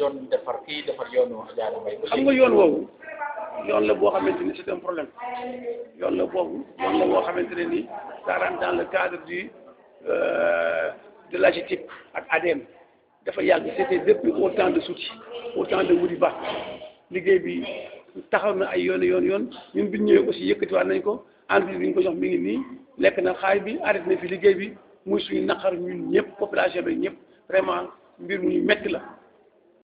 doon defar xam nga yoon woowu yoon la boo xamante ni c'est un problème yoon la boobu yoon la boo xamante ne ni ça rentre dans le cadre du euh, de l'AGETIP ak ADM dafa yàgg c'était depuis au temps de Souti au temps de Wuri Ba liggéey bi taxaw na ay yoon yoon yoon ñun bi ñu ñëwee aussi yëkkatiwaat nañ ko entreprise bi ñu ko jox mi ngi nii lekk na xaay bi arrêté na fi liggéey bi muy suñu naqar ñun ñëpp population bi ñëpp vraiment mbir ñu metti la.